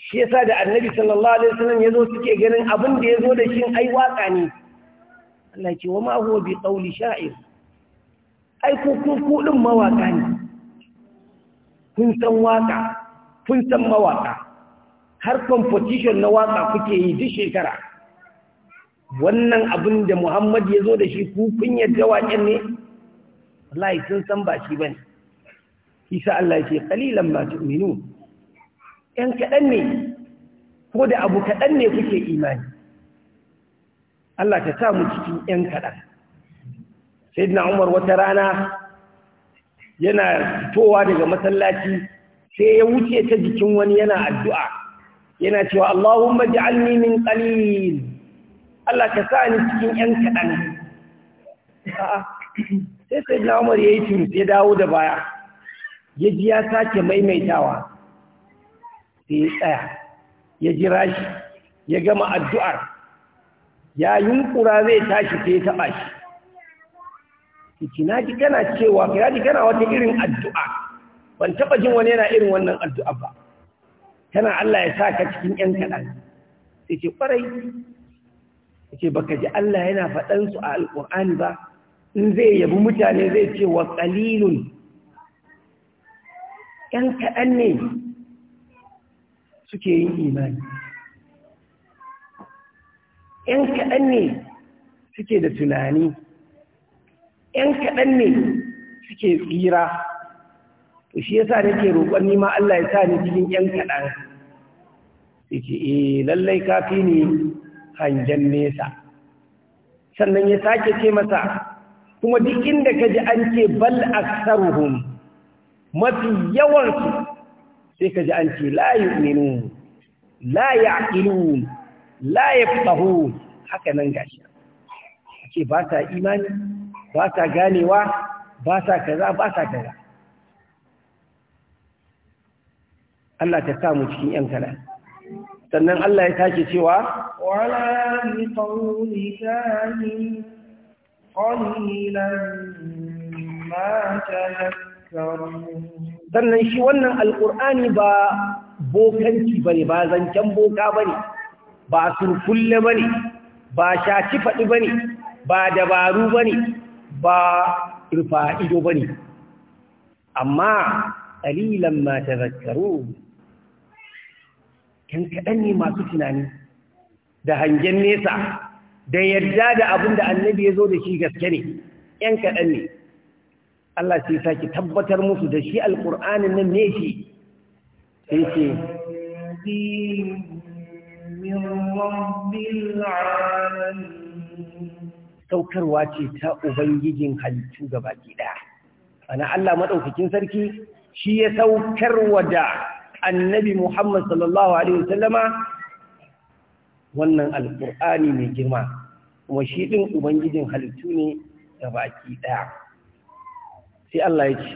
shi yasa da annabi sallallahu alaihi wasallam yazo suke ganin abin da yazo da shi ai waka ne Allah ce wa ma huwa bi qawli sha'ir ai ku ku ku din mawaka ne kun san waka kun san mawaka har competition na waka kuke yi duk shekara wannan abin da Muhammad yazo da shi ku kun yadda waken ne wallahi sun san ba shi bane Isa Allah ya ce qalilan ma tu'minun ‘yan kaɗan ne ko da abu kaɗan ne kuke imani Allah ta samu cikin ‘yan kaɗan sai na umar wata rana yana fitowa daga masallaci sai ya wuce ta jikin wani yana addu'a yana cewa Allahumma an min qalil Allah ka sa ni cikin ‘yan kaɗan sai sai na umar ya yi turu sai dawo da baya ya ji ya sake maimaitawa sai tsaya ya jira shi ya gama addu'ar ya yunkura zai tashi sai ya taɓa shi ciki na ji kana cewa ya ji kana wata irin addu'a ban taɓa jin wani yana irin wannan addu'a ba tana Allah ya sa ka cikin ‘yan kaɗan sai ce ƙwarai ya ce baka ji Allah yana faɗansu a alƙur'ani ba in zai yabi mutane zai ce wa ƙalilun ‘yan kaɗan ne suke yin imani ‘yan kaɗan ne suke da tunani ‘yan kaɗan ne suke tsira to shi yasa nake roƙon nima Allah ya sa ni cikin ‘yan kaɗan yake e eh, lallai kafi ne hangen nesa sannan ya sake ce masa kuma duk inda ka ji an ce bal aksaruhum mafi yawansu sai ka ji an ce la yu'minun la ya'qilun la yafqahun haka nan gashi ake ba ta imani ba ta ganewa ba ta kaza ba ta kaza Allah ta samu cikin ‘yan kanan. Sannan Allah ya take cewa, Wala ni ƙauni gani, ma mata na sannan shi wannan alƙur'ani ba bokanci ba ne ba zancen boka ba ne ba surkulle ba ne ba shaci faɗi ba ne ba dabaru ba ne ba rufa ba ne amma ƙalilan ma ta zakaru ‘yan kaɗan ne masu tunani da hangen nesa da yarda da abin da annabi ya zo da shi gaske ne ‘yan kaɗan ne’ Allah sai sake tabbatar musu da shi alƙur'anin nan ne shi sai ce saukarwa ce ta ubangijin halittu gaba ɗaya. ana Allah maɗaukakin sarki shi ya saukarwa da annabi Muhammad sallallahu Alaihi wasallama wannan alƙur'ani mai girma kuma shi ɗin ubangijin halittu ne ga baki ɗaya. sai Allah ya ce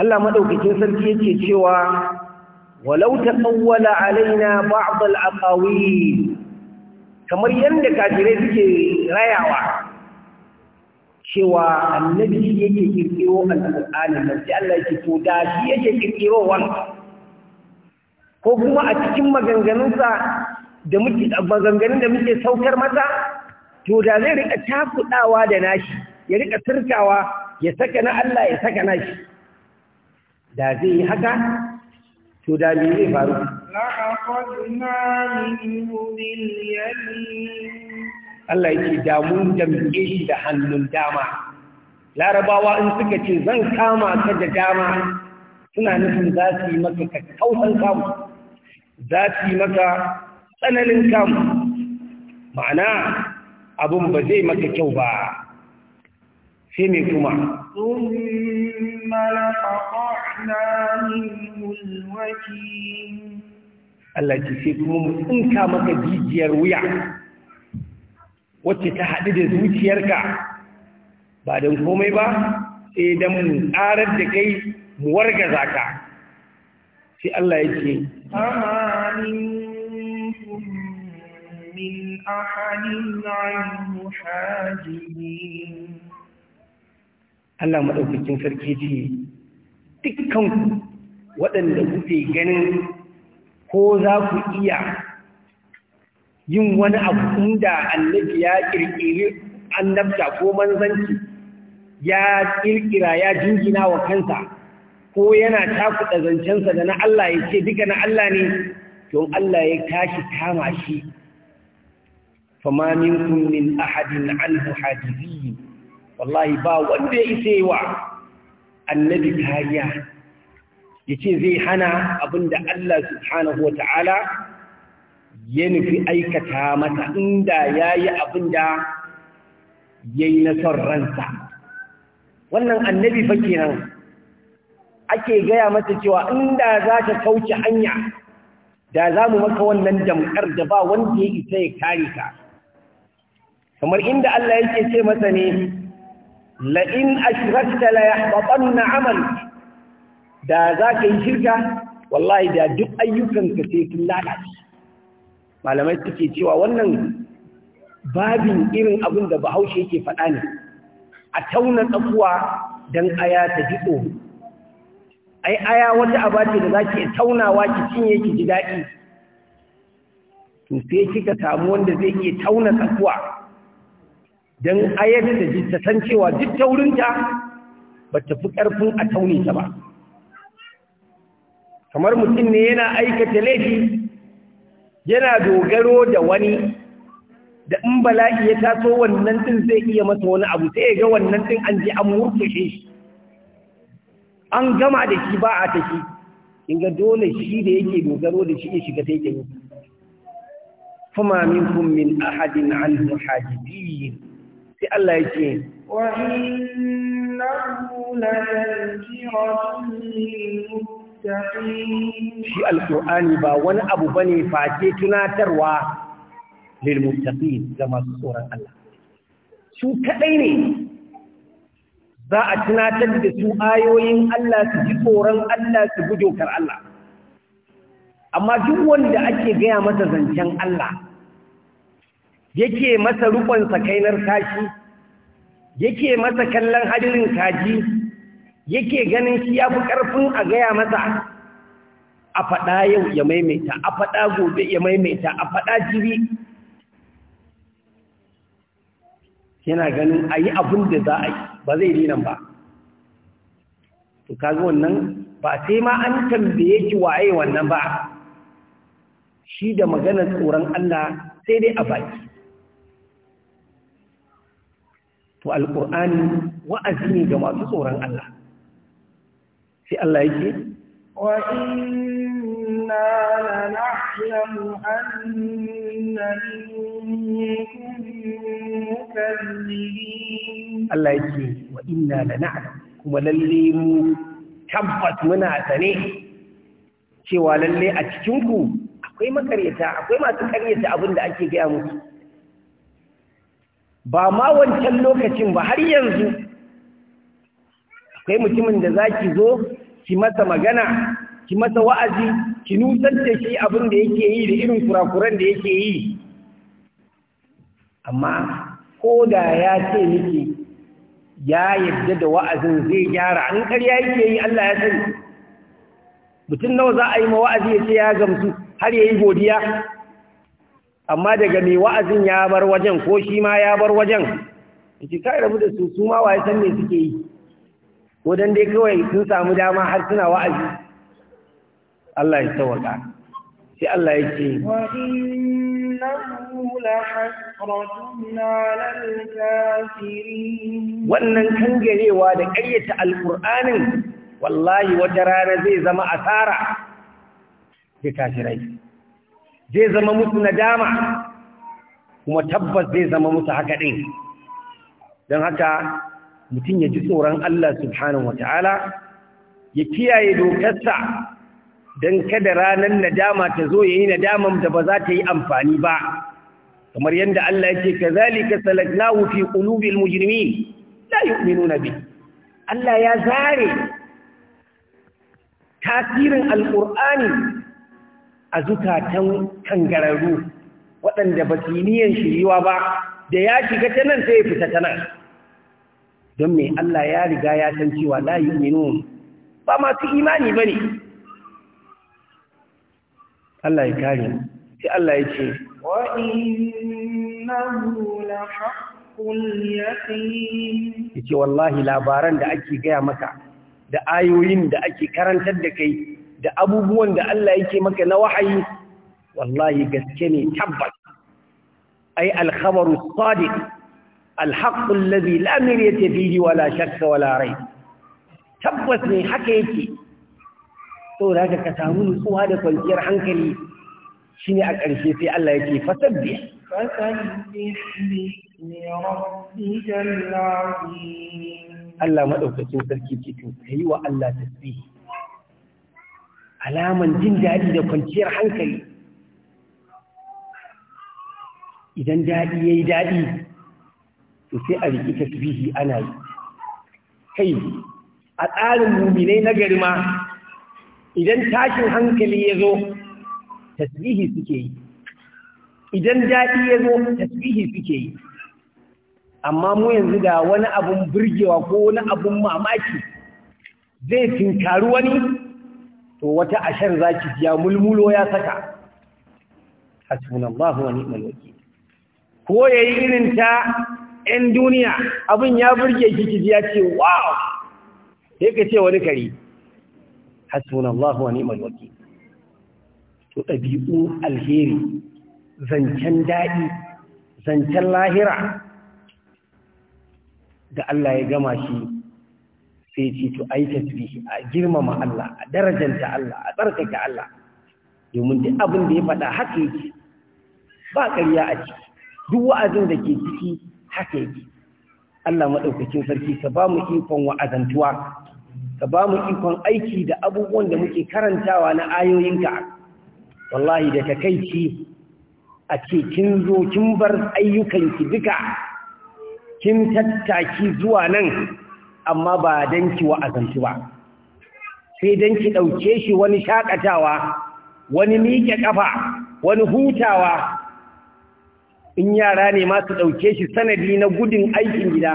Allah madaukakin sarki yake cewa walau taqawwala alaina ba'd al aqawi kamar yanda kafirai suke rayawa cewa annabi shi yake kirkiro al-Qur'ani sai Allah yake to da shi yake kirkiro wannan ko kuma a cikin maganganunsa da muke maganganun da muke saukar mata, to da zai rika takudawa da nashi ya rika turkawa ya saka na Allah ya saka nashi da zai yi haka to da me zai faru Allah yake da mun damke shi da hannun dama larabawa in suka ce zan kama ka da dama suna nufin za su yi maka kakkausan kamu za su yi maka tsananin kamu ma'ana abin ba zai maka kyau ba sai mai kuma Allah ce sai kuma mu tsinka maka jijiyar wuya wacce ta haɗu da zuciyarka ba don komai ba sai don mu ƙarar da kai mu warga zaka sai Allah ya ce من أحد عنه حاجبين Allah maɗaukakin sarki ce dukkan waɗanda kuke ganin ko za ku iya yin wani abu inda annabi ya ƙirƙiri annabta ko manzanci ya ƙirƙira ya jingina wa kansa ko yana takuɗa zancensa da na Allah ya ce duka na Allah ne don Allah ya tashi kama shi fama minkum ahadin anhu hajizin wallahi ba wanda ya wa annabi kariya yace zai hana abinda Allah subhanahu wata'ala ya nufi aikata mata inda yayi abinda yayi na son ransa wannan annabi fa kenan ake gaya mata cewa inda za ta kauce hanya da za mu maka wannan damkar da ba wanda ya isa ya kare ka kamar inda Allah yake ce masa ne la'in ashrakta la yahbatanna amal da za ka yi shirka wallahi da duk ayyukanka sai sun lalace malamai suke cewa wannan babin irin abin da bahaushe yake faɗa ne a tauna tsakuwa don aya ta ji tsoro ai aya wata abace da za ki taunawa ki cinye ki ji daɗi to sai kika samu wanda zai iya tauna tsakuwa don ayar da ji ta san cewa duk taurinta ba ta fi ƙarfin a taune ba kamar mutum ne yana aikata laifi yana dogaro da wani da in bala'i ya taso wannan din zai iya masa wani abu sai ya ga wannan din an ji an murkushe shi an gama da shi ba a ta shi inga dole shi da yake dogaro da shi ya shiga ta yake yi minkum min ahadin anhu hajibin sai Allah ya ce shi alqur'ani ba wani abu ba ne face tunatarwa lilmuttaqin ga masu tsoron Allah su kadai ne za a tunatar da su ayoyin Allah su ji tsoron Allah su gudu kar Allah amma duk wanda ake gaya masa zancen Allah yake masa rukon sakainar kashi yake masa kallon hadirin kaji yake ganin shi ya fi ƙarfin a gaya masa a faɗa yau ya maimaita a faɗa gobe ya maimaita a faɗa jiri yana ganin a yi abin da za a yi ba zai nan ba to kaga wannan ba sai ma an tambaye ki waye wannan ba shi da maganar tsoron Allah sai dai a baki to alƙur'ani wa'azi ne ga masu tsoron Allah sai Allah yake وَإِنَّا لَنَعْلَمُ أَنَّ مِنكُم مُّكَذِّبِينَ Allah yake wa inna lana'lam kuma lalle mu tabbat muna sane cewa lalle a cikin ku akwai makaryata akwai masu karyata abinda ake gaya musu ba ma wancan lokacin ba har yanzu akwai mutumin da za ki zo ki masa magana ki masa wa'azi ki da shi abin da yake yi da irin kurakuran da yake yi amma ko da ya ce miki ya yadda da wa'azin zai gyara an ƙarya yake yi Allah ya sani mutum nawa za a yi ma wa'azi ya ce ya gamsu har ya yi godiya amma daga mai wa'azin ya bar wajen ko shi ma ya bar wajen ke kai rabu da su su ma waye san me suke yi ko dan dai kawai sun samu dama har suna wa'azi Allah ya tawaka sai Allah ya ce wa innahu la hasratun ala kafirin wannan kangarewa da ƙaryata alqur'anin wallahi wata rana zai zama asara ga kafirai zai zama musu nadama kuma tabbas zai zama musu haka ɗin don haka mutum ya ji tsoron Allah subhanahu wa ta'ala ya kiyaye dokarsa don kada ranar nadama ta zo ya yi nadaman da ba za ta yi amfani ba kamar yadda Allah yake ka zalika salaknahu fi na yi la yu'minuna bi Allah ya zare tasirin alqur'ani a zukatan kangararru waɗanda ba su yi niyan shiriwa ba da ya shiga ta nan sai ya fita ta nan don mai Allah ya riga ya san cewa la minu ba masu imani ba ne Allah ya kare sai Allah ya ce wa innahu la haqqul Ya yace wallahi labaran da ake gaya maka da ayoyin da ake karantar da kai da abubuwan da Allah yake maka na wahayi wallahi gaske ne tabbas ai alkhabaru sadiq alhaqqu alladhi la miryata fihi wala shakka wala rai tabbas ne haka yake saboda haka ka samu nutsuwa da kwanciyar hankali shine a ƙarshe sai Allah yake fasabbih fasabbih Allah maɗaukacin sarki ce to wa Allah tasbihi. alaman jin daɗi da kwanciyar hankali idan daɗi ya yi daɗi to sai a riƙi tasbihi ana yi kai a tsarin muminai na garima idan tashin hankali ya zo tasbihi suke yi idan daɗi ya zo tasbihi suke yi amma mu yanzu da wani abun burgewa ko wani abun mamaki zai tinkari wani to wata ashar zaki ji ya mulmulo ya saka hasbunallahu wa ni'mal wakeel ko yayi irin ta ɗan duniya abin ya burge ki ki ya ce wow sai ka ce wani kare hasbunallahu wa ni'mal wakeel to ɗabi'u alheri zancen daɗi zancen lahira da Allah ya gama shi sai ce to ai tasbihi a girmama Allah a darajanta Allah a tsarkake Allah domin duk abin da ya faɗa haka yake ba ƙarya a ciki duk wa'azin da ke ciki haka yake Allah maɗaukakin sarki ka ba mu ikon wa'azantuwa ka ba mu ikon aiki da abubuwan da muke karantawa na ayoyinka wallahi da kai takaici a ce kin zo kin bar ayyukanki duka kin tattaki zuwa nan amma ba dan ki wa'azantu ba sai dan ki ɗauke shi wani shakatawa wani miƙe kafa wani hutawa in yara ne masu ɗauke shi sanadi na gudun aikin gida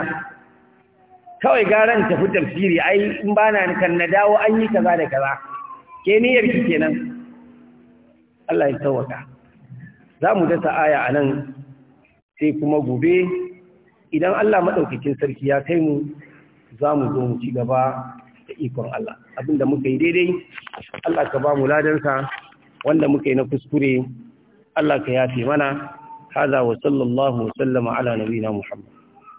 kawai garan tafi tafsiri ai in bana kan na dawo an yi kaza da kaza ke niyar ki kenan Allah ya tawaka za mu dasa aya a nan sai kuma gobe idan Allah maɗaukakin sarki ya kai mu za mu zo mu ci gaba da ikon Allah abinda muka yi daidai Allah ka ba mu ladansa wanda muka yi na kuskure Allah ka yafe mana هذا وصلى الله وسلم على نبينا Muhammad.